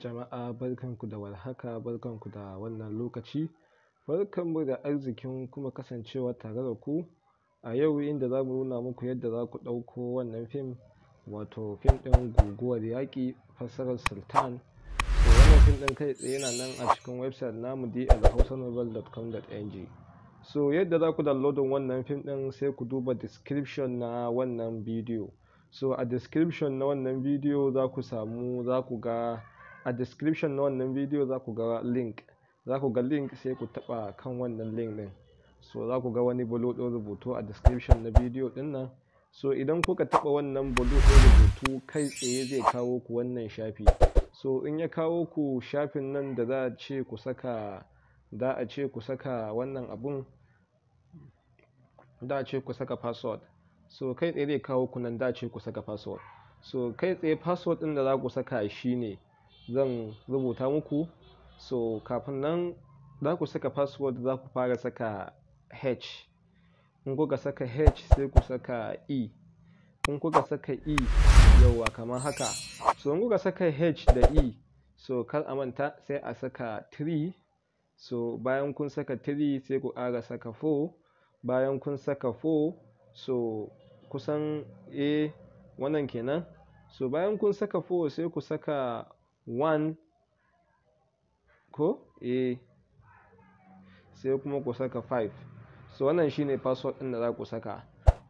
Jama'a barkanku da warhaka, barkanku da wannan lokaci, barkanmu da arzikin kuma kasancewa tare da ku a yau inda za mu nuna muku yadda za ku ɗauko wannan fim wato fim ɗin Guguwar Yaƙi fassarar Sultan. To wannan fim ɗin kai tsaye yana nan a cikin website namu dlhausanovel.com.ng. So yadda za ku downloadin wannan fim ɗin sai ku duba description na wannan bidiyo. So a description na wannan bidiyo za ku samu za ku ga a description na wannan video za ku ga link za ku ga link sai ku taba kan wannan link din so za ku ga wani bulu ɗin rubutu a description na video dinnan nan so idan kuka taba wannan bulu ɗin rubutu kai tsaye zai kawo ku wannan shafi so in ya kawo ku shafin nan da za a ce ku saka da a ce ku saka wannan abun da a ce ku saka password so kai tsaye zai kawo ku nan da a ce ku saka password so kai tsaye password ɗin da za ku saka shine zan rubuta muku so kafin nan za ku saka password za ku fara saka h in kuka saka h sai ku saka e in kuka saka e yauwa kamar haka so in kuka saka h da e so kar a manta sai a saka 3 so bayan kun saka 3 sai ku ƙara saka 4 bayan kun saka 4 so kusan a eh, wannan kenan so bayan kun saka 4 sai ku saka one ko a eh. sai kuma ku saka five so wannan shine password ɗin da za ku saka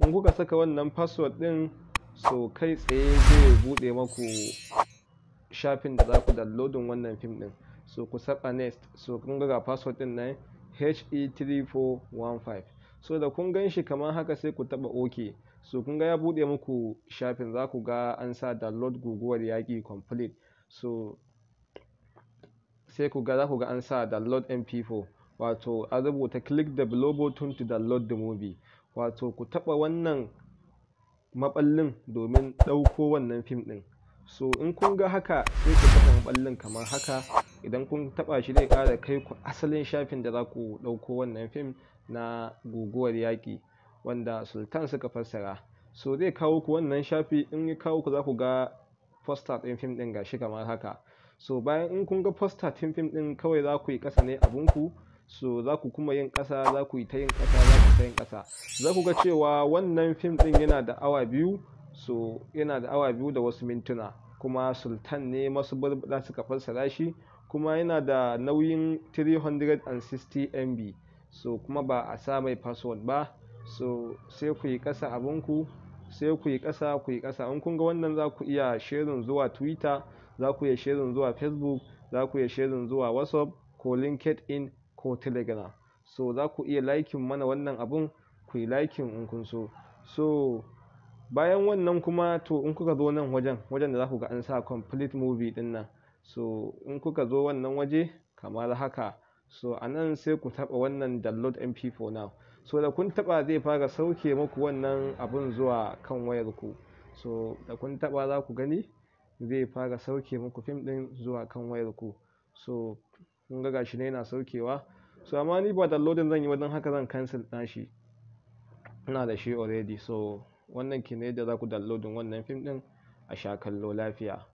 in kuka saka wannan password ɗin so kai tsaye zai bude maku shafin da za ku downloadin wannan fim ɗin so ku saka next so kun ga password ɗin nan he3415 so da kun gan shi kamar haka sai ku taba ok so kun ga ya buɗe muku shafin za ku ga an sa download guguwar yaki complete so sai ku ga za ku ga an sa download mp4 wato an rubuta click the below button to download the movie wato ku taɓa wannan maballin domin ɗauko wannan fim ɗin so in kun ga haka sai ku taɓa maɓallin kamar haka idan kun taba shi zai kara kai ku asalin shafin da za ku ɗauko wannan fim na guguwar yaki wanda sultan suka fassara so zai kawo ku wannan shafi in ya kawo ku za ku ga poster ɗin fim ɗin gashi kamar haka so bayan in kun ga poster ɗin fim ɗin kawai za ku yi ƙasa ne abunku so za ku kuma yin ƙasa za ku yi ta yin ƙasa za ku ta yin ƙasa za ku ga cewa wannan fim ɗin yana da awa biyu so yana da awa biyu da wasu mintuna kuma sultan ne masu barbaɗa suka fassara shi kuma yana da nauyin 360 mb so kuma ba a sa mai password ba so sai ku yi ƙasa abunku sai ku yi ƙasa ku yi ƙasa in kun ga wannan za ku iya shirin zuwa twitter za ku iya shirin zuwa facebook za ku iya shirin zuwa whatsapp ko linkedin ko telegram so za ku iya laikin mana wannan abun ku yi laikin in kun so so bayan wannan kuma to in kuka zo nan wajen wajen da za ku ga an sa complete movie din nan so in kuka zo wannan waje kamar haka so a nan sai ku taɓa wannan download mp4 now so da kun taɓa zai fara sauke muku wannan abun zuwa kan wayar ku so da kun taɓa za ku gani zai fara sauke muku fim ɗin zuwa kan wayar ku so kun ga gashi ne yana saukewa so amma ni ba downloading zan yi wajen haka zan cancel ɗin shi ina da shi already so wannan ne da za ku downloading wannan fim ɗin a sha kallo lafiya